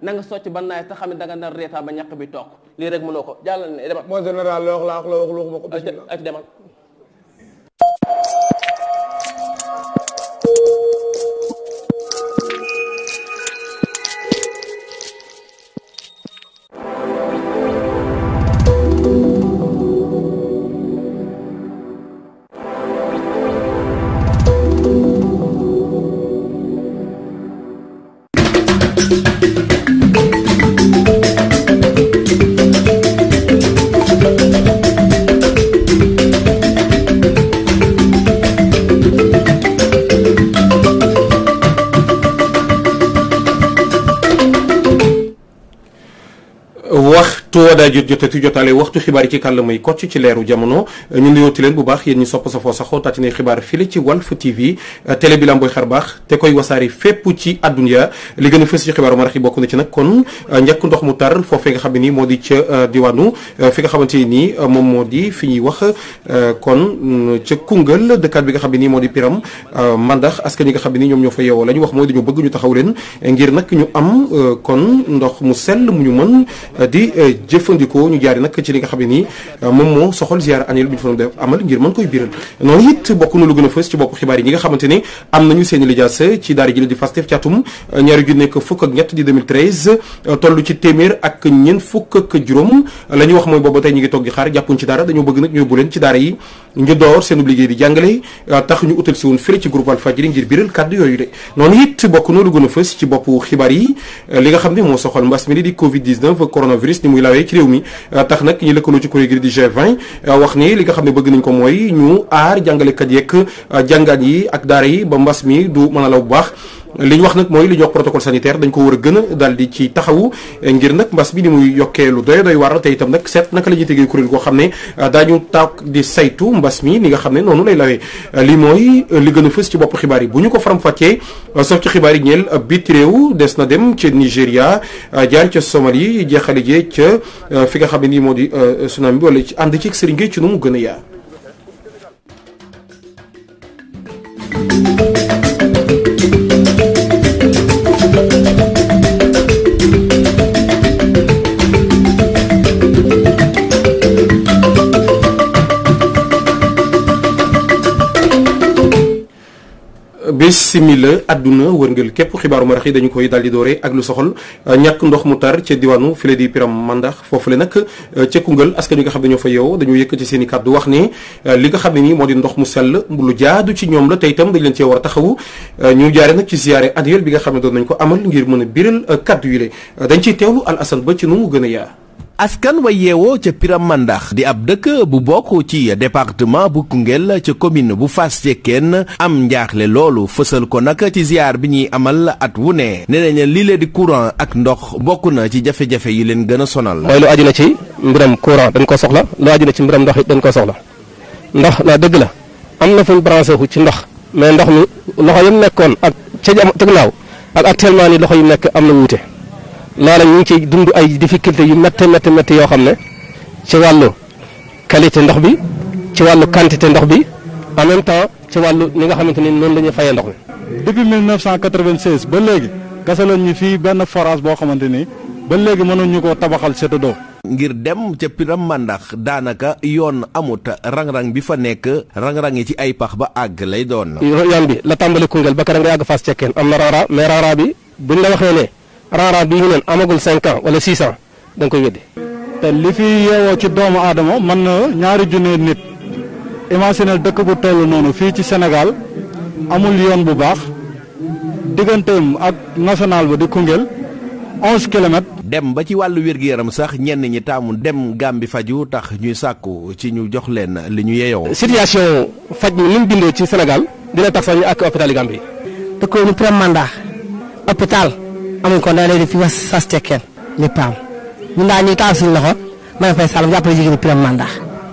nanga nga socc ban naay te xam ne da nga nar reetaan ba ñàkk bi toog lii rek mënoo ko jàll ne demal. moo général la wax la wax la ma ko. bismillah ak demal. tuwadaa jot jotati jotaale waxtu xibaar yi ci kàllaamay kocc ci leeru jamono ñu nuyooti leen bu baax yéen ñi sopp sa foo saxoo taatine xibaar fii ci Walf TV télé bi lamboy xar baax te koy wasaari ci àdduna li gën a fës ci xibaaru marax yi bokk na ci nag kon euh, njëkk ndox mu tar foofee nga xam ne nii moo di ca euh, diwaanu euh, fi nga xamante nii moom moo di fi ñuy wax kon ca Koungheul dëkkaat bi nga xam ne nii moo di Piram Mandax askan ñi nga xam ne nii ñoom ñoo fa yeewoo la ñu wax mooy dañu bëgg ñu taxaw leen ngir nag ñu am kon ndox mu sell mu ñu mën di jëfandikoo ñu jaari nag ci li nga xam ne nii euh, moom moo soxal ziara annuel bi fa doon def amal ngir mën koy biral noonu it bokk a am nañu seen lijaas ci daara ji la di Pastef ci atum euh, ñaari junni ak fukk ak ñett di 2013 euh, toll ci téeméer ak ñeent dara dañoo bëgg leen ci daara yi ngir door seen liggéey di jàngale tax ñu utal noonu lu gën a fës ci bopp xibaar yi li nga xam ne moo soxal mbas mi di covid 19 coronavirus ni muy nawee ci réew mi euh, tax nag ñu lëkkaloo ci kuréel gi di g euh, wax ni li nga xam ne bëgg nañ ko mooy ñu aar jàngalekat yeeg euh, jàngaat yi ak daara yi ba mbas mi du mën a law bu baax li ñu wax nag mooy li ñu wax protocole sanitaire dañ ko war a gën a daal di ci taxawu ngir nag mbas bi ni muy yokkee lu doy doy war te itam nag seet naka lañuy ñuy kuréel goo xam ne ah, daañu taak di saytu mbas mi ni nga xam ne noonu lay lawee li mooy li gën a fës ci bopp xibaar yi bu ñu ko faram-fàccee ah, sof ci xibaar yi ñeel ah, biti réew des na dem ca Nigéria jaar ca Somalie jeexale jee ca fi nga xam ne nii moo di tsunami bi wala ci ànd ci sëriñ gi ci nu mu gën a yaa tey simila àdduna wërngël képp xibaaru marax yi dañu koy daal di doore ak lu soxal euh, ñàkk ndox mu tar ca diwaanu file di Piram Mandax foofule nag euh, ca Koungheul askan wi nga xam ne ñoo fa yeewoo dañu yëkk ci seen i kàddu wax ne euh, li nga xam ne nii moo di ndox mu sell lu jaadu ci ñoom la tey itam dañ leen cee war a taxawu ñu jaare nag ci ziare annuel bi nga xam ne doon nañ ko amal ngir mën a biral kàddu yi le dañ ciy teewlu Al ba ci nu mu gën a yaa askan wa yeewoo ca Piram Mandax di ab dëkk bu bokk ci département bu Koungheul ca commune bu fas Fass Cekkeen am njaaxle loolu fësal ko nag ci ziar bi ñuy amal at wu ne nee nañ lii leen di courant ak ndox bokk na ci jafe-jafe yi leen gën a sonal. mooy lu aju na ci mbiram courant dañ ko soxla lu aju na ci mbiram ndox it dañ ko soxla ndox la dëgg la am na fuñ branché wu ci ndox mais ndox mi loxo yi nekkoon ak ca jam tëg ak actuellement ni loxo yu mu am na wuute. loola ñu ngi ciy dund ay difficultés yu métti métti métti yoo xam ne ci wàllu qualité ndox bi ci wàllu quantité ndox bi en même temps ci wàllu li nga xamante ni noonu la ñuy fayee ndox mi. depuis ba léegi kese la ñu fii benn forage boo xamante ni ba léegi mënoon ñu koo tabaxal seetadoo. ngir dem ca piram màndax daanaka yoon amut rang-rang bi fa nekk rang-rang yi ci ay pax ba àgg lay doon. yoon bi la tàmbali Koungheul ba keroog nga yàgg Fass Cekkeen am na raara mais raara bi buñ la waxee raaraan bi ñu leen amagul cinq ans wala six ans da nga koy weddi. te li fi yeewoo ci doomu aadama mën na ñaari junne nit imaginer dëkk bu toll noonu fii ci senegal amul yoon bu baax digganteem ak national ba di Koungheul onze kilomètres. dem ba ci wàll wér-gu-yaram sax ñenn ñi taamu dem Gàmbi faju tax ñuy sàkku ci ñu jox leen li ñu yeyoo. situation faj mi ni ci senegal dina tax sax ñu àkk hôpital yi Gàmbi. da ko ñu premier mandat amuñ ko da lay def fi wax sas tekkeen li paam ñun daal ñuy taal suñu loxo may fay Sall jàppale jigéen ñi Birame Mandax.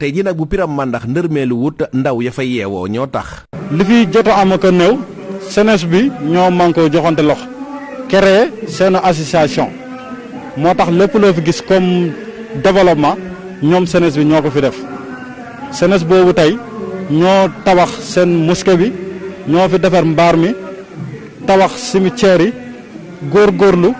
tey jii nag bu Birame Mandax ndërmeelu wut ndaw ya fa yeewoo ñoo tax. li fi jot am ak néew jeunesse bi ñoo man ko joxante lox créé seen association moo tax lépp loo fi gis comme développement ñoom jeunesse bi ñoo ko fi def jeunesse boobu tey ñoo tabax seen mosquée bi ñoo fi defar mbaar mi tabax cimetière yi. góor góorlu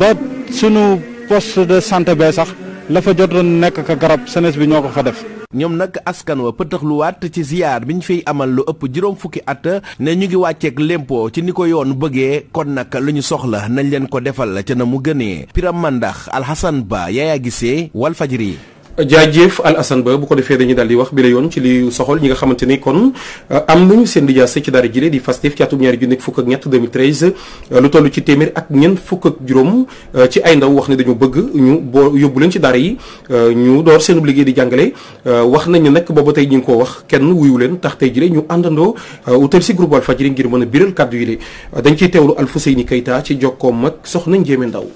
ba sunu poste de sant bee sax la fa jotoon nekk ka garab senes bi ñoo ko fa def. ñoom nag askan wa pëtëxluwaat ci ziar bi ñu fiy amal lu ëpp juróom fukki at ne ñu ngi wàcceek lempo ci ni ko yoon bëggee kon nag lu ñu soxla nañ leen ko defal la ca na mu gënee Piram Mandax Alhassane Ba Yaya Gissé Walfadjri jaajëf Al Assane Ba bu ko defee dañu daal di wax bi la yoon ci li soxol ñi nga xamante ni kon euh, am nañu seen lijaasa ci daara jile di Pastef ci atum ñaari junni fukk ak ñett 2013 euh, lu toll ci téeméer ak ñeent fukk ak juróom euh, ci ay ndaw wax ne dañu bëgg ñu boo yóbbu leen ci daara yi ñu door seen liggéey di jàngale wax nañ ne nag booba tey ñu ngi ko wax kenn wuyu leen tax tey jile ñu àndandoo utal si groupe Walfadjri ngir mën a biral kàddu yi le dañ ciy teewlu Alfousseyni Keita ci jokkoom ak soxna Ndiémé Ndaw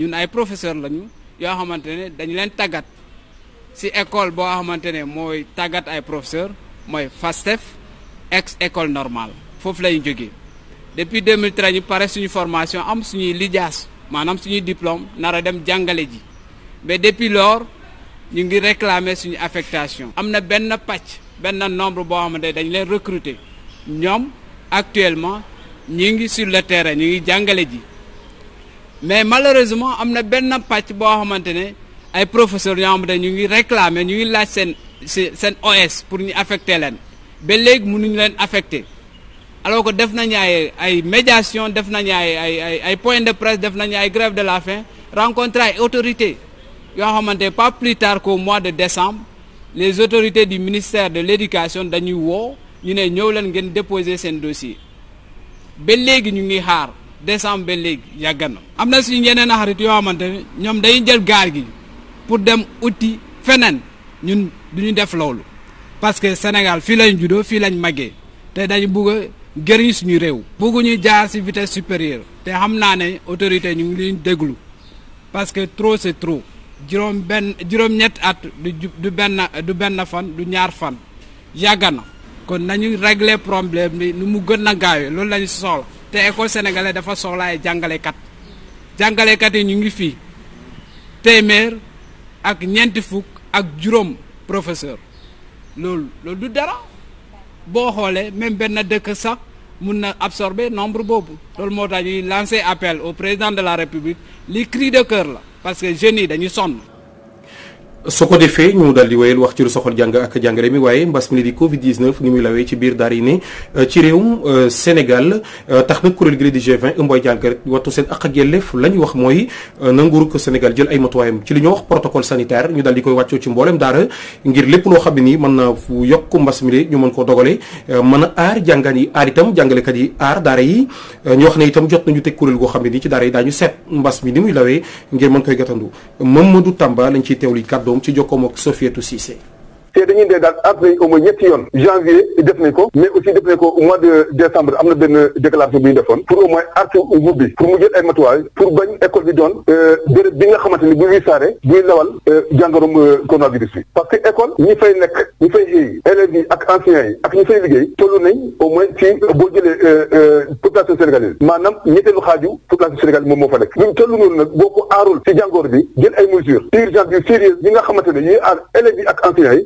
ñun ay professeur lañu yoo xamante ne dañu leen tàggat si école boo xamante ne mooy tàggat ay professeur mooy FASTEF ex école normale foofu la ñu jógee depuis 2013 ñu pare suñu formation am suñuy lijaas maanaam suñuy diplôme nar a dem jàngale ji mais depuis lors ñu ngi réclamer suñu affectation. am na benn pàcc benn nombre boo xamante ne dañ leen recruter ñoom actuellement ñi ngi sur le terrain ñu ngi jàngale ji mais malheureusement am na benn pàcc boo xamante ne. ay professeurs yoo xam ne ñu ngi réclamer ñu ngi laaj seen seen OS pour ñu affecté leen ba léegi mënuñu leen affecté alors que def nañu ay ay médiation def nañu ay ay ay point de presse def nañu ay grève de la faim rencontré ay autorités yoo xamante pas plus tard qu'au mois de décembre les autorités du ministère de l'éducation dañuy woo ñu ne ñëw leen ngeen déposé seen dossier ba léegi ñu ngi xaar décembre be léegi yàgg na. am na suñu yeneen xarit yoo xamante ne ñoom dañuy jël gaal gi. pour dem uti feneen ñun du ñu def loolu parce que Sénégal fii lañ juddoo fii lañ màggee te dañu bugg a gëriñ suñu réew. bugg ñu jaar ci vitesse supérieure te xam naa ne autorité ñu ngi leen déglu parce que trop c'est trop juróom benn juróom-ñett at du du benn du benn fan du ñaar fan yàgg na kon nañu régler problème bi nu mu gën a gaawee loolu lañu soxla te école sénégalaise dafa solaay ay jàngalekat jàngalekat yi ñu ngi fii téeméer. ak ñeenti fukk ak juróom professeur loolu loolu du dara boo xoolee même benn dëkk sax mun na absorber nombre boobu loolu moo tax ñuy lancer appel au président de la république li cri de cœur la parce que jeunes yi dañuy sonn soo ko defee ñu daal di wéyal wax ci lu soxal jàng ak jàngale mi waaye mbas mi di Covid 19 ni muy lawee ci biir daara yi euh, euh, euh, tax na kuréel gi di G20 ëmboy jàngale wattu seen ak ak la ñu wax mooy na nguuru ko jël ay matuwaayam ci li ñu wax protocole sanitaire ñu daal di koy wàccoo ci mboolem daara ngir lépp loo xam ne nii mën na yokk mbas mi de mën koo dogale mën a yi aar itam jàngalekat yi aar daara yi ñu wax ne itam jot nañu teg kuréel goo xam ne nii ci daara yi daañu seet mbas mi ni muy lawee ngir mën koy gatandu Mamadou Tamba lañ ciy teewli kàddu donc ci jokkoom ak Sofiatou Cissé te dañuy dee daal at nañ au moins ñetti yoon janvier def nañ ko mais aussi def nañ ko mois de décembre am na benn déclaration bi defoon pour au moins artu nguur bi pour mu jël ay matuwaay pour bañ école bi doon euh, béréb bi nga xamante ni bu ñuy saare buy lawal euh, jàngorom euh, coronavirus bi parce que école ñi fay nekk ñi fay xëy élèves yi ak enseignants yi ak ñi fay liggéey toll nañ au moins ci boo jëlee population sénégalaise maanaam ñetteelu xaaju population sénégalaise moom moo fa nekk luñ toll noonu nag boo ko aarul ci bi jël ay mesures urgentes yu sérieuses yi nga xamante ne yuy aar élèves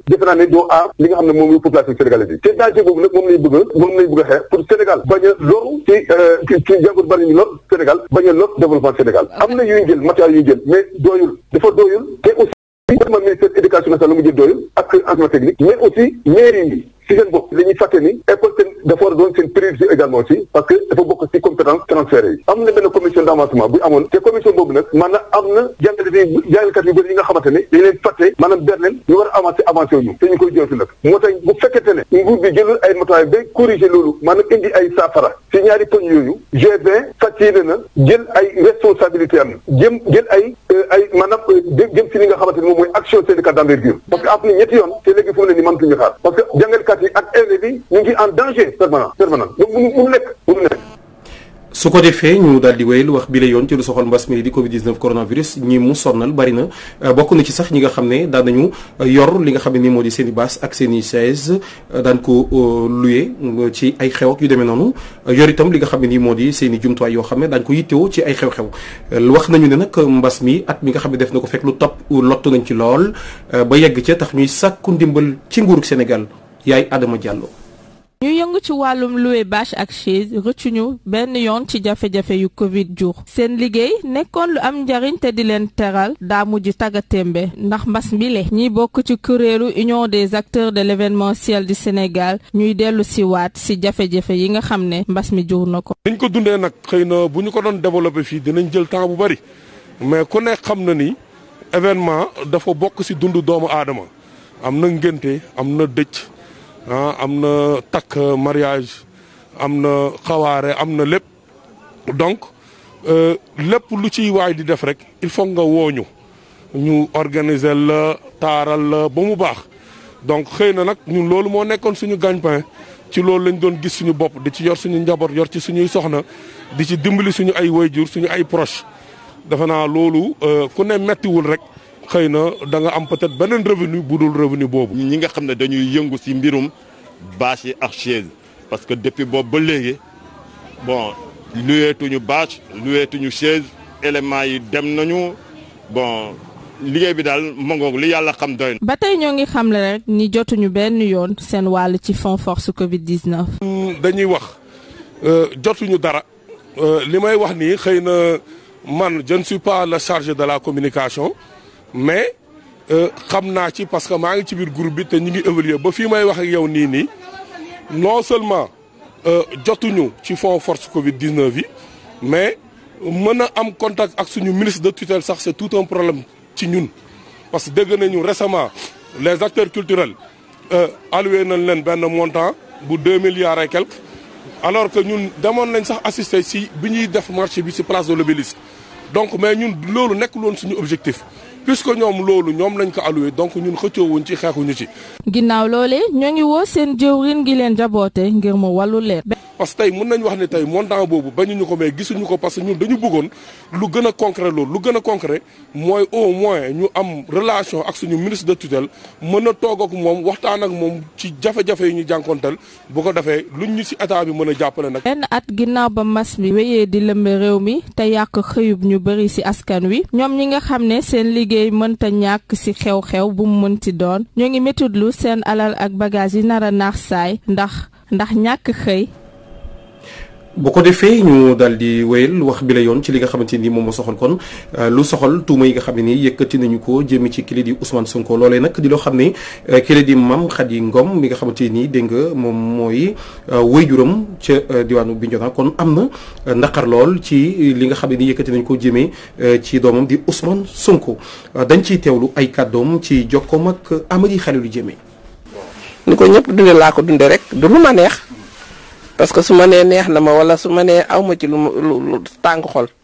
yi defe naa doo aar li nga xam ne moom mooy population sénégalaise bi te danger boobu nag moom lañ bëgg a moom lañ bëgg a xeex pour Sénégal bañ a loru ci euh, ci jàngoor bari ñu Sénégal bañ a lor développement Sénégal ah. am na yuy jël matériel yuy jël mais dooyul dafa dooyul te aussi ministère éducation nationale la mu jël dooyul ak enseignement technique mais aussi mairie yi si seen bopp dañuy fàtte ni école seen dafa war a doon seen priorité également aussi parce que dafa bokk si compétence transféré yi am na benn commission d' bu amoon te commission boobu nag maanaam am na jàngalekat yi jàngalekat yu bëri yi nga xamante ne dañ leen fàtte maanaam ber leen ñu war a avancé avancé ñu te ñu koy jooytu nag moo tax bu fekkente nguur bi jëlul ay matuwaay bay corriger loolu maanaam indi ay saafara ci ñaari poñ yooyu G20 fas yéene na jël ay responsabilité am jëm jël ay euh, ay maanaam euh, jëm si li nga xamante moom mooy action syndicale d'envergure parce que am ñetti yoon te léegi fu mu ne ni mënatuñu xaar parce que jàngalkat yi ak élèves yi ñu en danger permanent permanent donc mu nekk su ko defee ñu daal di lu wax bi la yoon ci lu soxal mbas mi di Covid 19 coronavirus ñi mu sonnal bari na euh, bokk na ci sax ñi nga xam ne daan nañu euh, yor li nga xam ne nii moo di seeni i ak seen chaise euh, daan ko luye ci ay xew yu demee noonu yor itam li nga xam ne nii moo di seen jumtuwaay yoo xam ne daan ko yittewoo ci ay xew-xew. wax nañu ne nag mbas mi at mi nga xam ne def na ko fekk lu topp lottu nañ ci lool ba yegg ca tax ñuy sàkku ndimbal ci nguurug Sénégal yaay aadama Diallo. ñu yëngu ci wàllum louer bâche ak chaise rëccuñu benn yoon ci jafe-jafe yu Covid jur seen liggéey nekkoon lu am njariñ te di leen teral daa mujj tàggatémbe ndax mbas mi le ñiy bokk ci kuréelu union des acteurs de l'événementiel du Sénégal ñuy dellu si waat si jafe-jafe yi nga xam ne mbas mi jur na ko. dañ ko dundee nag xëy na bu ñu ko doon développé fii dinañ jël temps bu bari mais ku nekk xam na ni événement dafa bokk si dundu doomu aadama am na ngénte am na dëj. Ah, am na takk euh, mariage am na xawaare am na lépp donc euh, lépp lu ciy waay di def rek il faut nga wooñu ñu organiser la taaral la ba mu baax donc xëy na nag ñun loolu moo nekkoon suñu gagne ci loolu lañ doon gis suñu bopp di ci yor suñu njaboot yor ci suñuy soxna di ci dimbali suñu ay wayjur suñu ay proche dafa naa loolu euh, ku ne mettiwul rek xëy na da nga am peut-être beneen revenu bu dul revenu boobu. ñi nga xam ne dañuy yëngu ci mbirum bâche yi ak chaise parce que depuis boobu ba léegi bon luyeetuñu baas luyeetuñu chaise éléments yi dem nañu bon. liggéey bi daal mangoog li yàlla xam doy ba tey ñoo ngi xam ne rek ni jotuñu benn yoon seen wàll ci fond force Covid 19. Mm, dañuy wax euh, jotuñu dara euh, li may wax ni xëy na man je ne la pas de la communication mais euh, xam naa ci parce que maa ngi ci biir groupe bi te ñu ngi évoluer ba fi may wax ak yow nii nii non seulement euh, jotuñu ci fonds force Covid 19 yi mais mën a am contact ak suñu ministre de tutelle sax c'est tout un problème ci ñun. parce que dégg nañu récemment les acteurs culturels euh, alloué nañ leen benn montant bu deux milliards et alors que ñun demoon nañ sax assister si bi ñuy def marché bi si place de l'Obélisque donc mais ñun loolu nekkul woon suñu objectif puisque ñoom loolu ñoom lañ ko alloué donc ñun xëccoowuñ ci xeexuñu ci. ginnaaw loolee ñoo ngi woo seen jëwriñ gi leen jaboote ngir ma wàllu leer. parce que tey mën nañu wax ne tey montant boobu bañuñu ko mais gisuñu ko parce que ñun dañu bëggoon lu gën a concret loolu lu gën a concret mooy au moins ñu am relation ak suñu ministre de tutelle mën a toog ak moom waxtaan ak moom ci jafe-jafe yi ñu jànkonteel bu ko defee luñ ñu si état bi mën a jàppale nag. benn at ginnaaw ba mas bi wéyee di lëmbe réew mi te ñu bëri ci askan wi ñoom ñi nga xam ne seen liggéey mënta ñàkk ci xew-xew bu mu mënti doon ñoo ngi métitlu seen alal ak bagage yi nar a naax saay ndax ndax ñàkk xëy bu ko defee ñu daal di wéyal wax bi la yoon ci li nga xamante ni moom moo soxal kon euh, lu soxal tuuma yi nga xam ne nii yëkkati nañu ko jëmi ci kili di Ousmane Sonko loolee nag di loo xam ne euh, kili di Mame Khady Ngom mi nga xamante nii dégg nga moom mooy euh, wéyjuram ca diwaanu Bignona kon am na naqar lool ci li nga xam ne nii yëkkati nañu ko jëmee ci doomam di Ousmane Sonko dañ ciy teewlu ay kàddoom ci jokkoom ak Amady Khalilou Diémé. ni ko ñëpp dundee laa ko dundee rek du lu ma neex. parce que su ma nee neex na ma wala su ma nee aw ma lu lu tàng xol